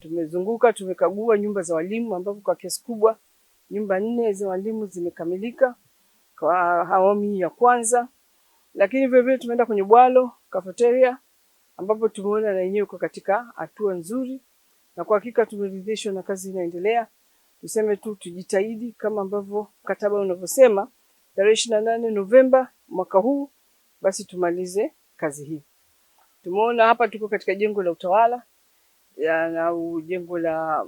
Tumezunguka, tumekagua nyumba za walimu ambapo kwa kiasi kubwa nyumba nne za walimu zimekamilika kwa awamu ya kwanza, lakini vilevile tumeenda kwenye bwalo cafeteria, ambapo tumeona na yenyewe iko katika hatua nzuri, na kwa hakika tumeridhishwa na kazi inaendelea. Tuseme tu tujitahidi kama ambavyo mkataba unavyosema tarehe ishirini na nane Novemba mwaka huu, basi tumalize kazi hii. Tumeona hapa tuko katika jengo la utawala yana jengo la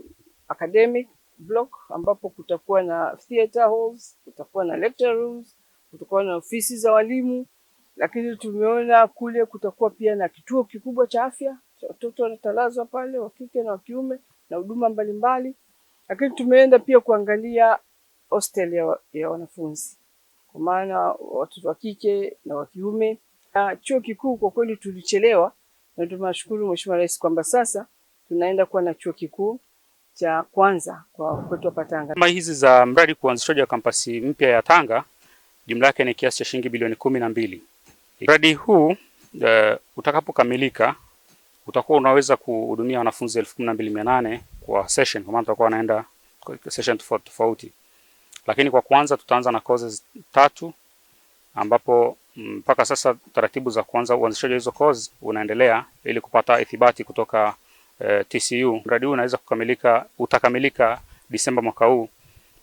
academic block ambapo kutakuwa na theater halls, kutakuwa na lecture rooms, kutakuwa na ofisi za walimu, lakini tumeona kule kutakuwa pia na kituo kikubwa cha afya, watoto wanatalazwa pale wa kike na wa kiume na huduma mbalimbali, lakini tumeenda pia kuangalia hostel ya, ya wanafunzi kwa maana watoto wa kike na wa kiume. Chuo kikuu kwa kweli tulichelewa, na tunashukuru Mheshimiwa Rais kwamba sasa tunaenda kuwa na chuo kikuu cha kwanza kwa kwetu hapa Tanga. Kama hizi za mradi kuanzishwaji wa kampasi mpya ya Tanga, jumla yake ni kiasi cha shilingi bilioni kumi na mbili. Mradi huu uh, utakapokamilika utakuwa unaweza kuhudumia wanafunzi elfu kumi na mbili mia nane kwa session, kwa maana tutakuwa wanaenda session tofauti tofauti, lakini kwa kwanza tutaanza na courses tatu ambapo mm, mpaka sasa taratibu za kuanza uanzishaji wa hizo course unaendelea ili kupata ithibati kutoka eh, TCU. Mradi huu unaweza kukamilika, utakamilika Disemba mwaka huu,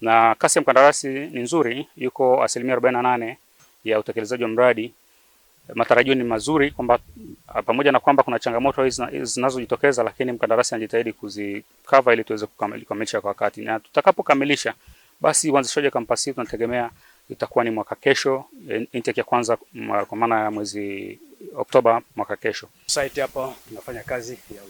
na kasi ya mkandarasi ni nzuri, yuko asilimia 48 ya utekelezaji wa mradi. Matarajio ni mazuri kwamba pamoja na kwamba kuna changamoto zinazojitokeza, lakini mkandarasi anajitahidi kuzikava ili tuweze kukamilisha kwa wakati, na tutakapokamilisha basi uanzishaji wa kampasi tunategemea itakuwa ni mwaka kesho, intake ya kwanza kwa maana ya mwezi Oktoba mwaka kesho. Site hapo tunafanya kazi ya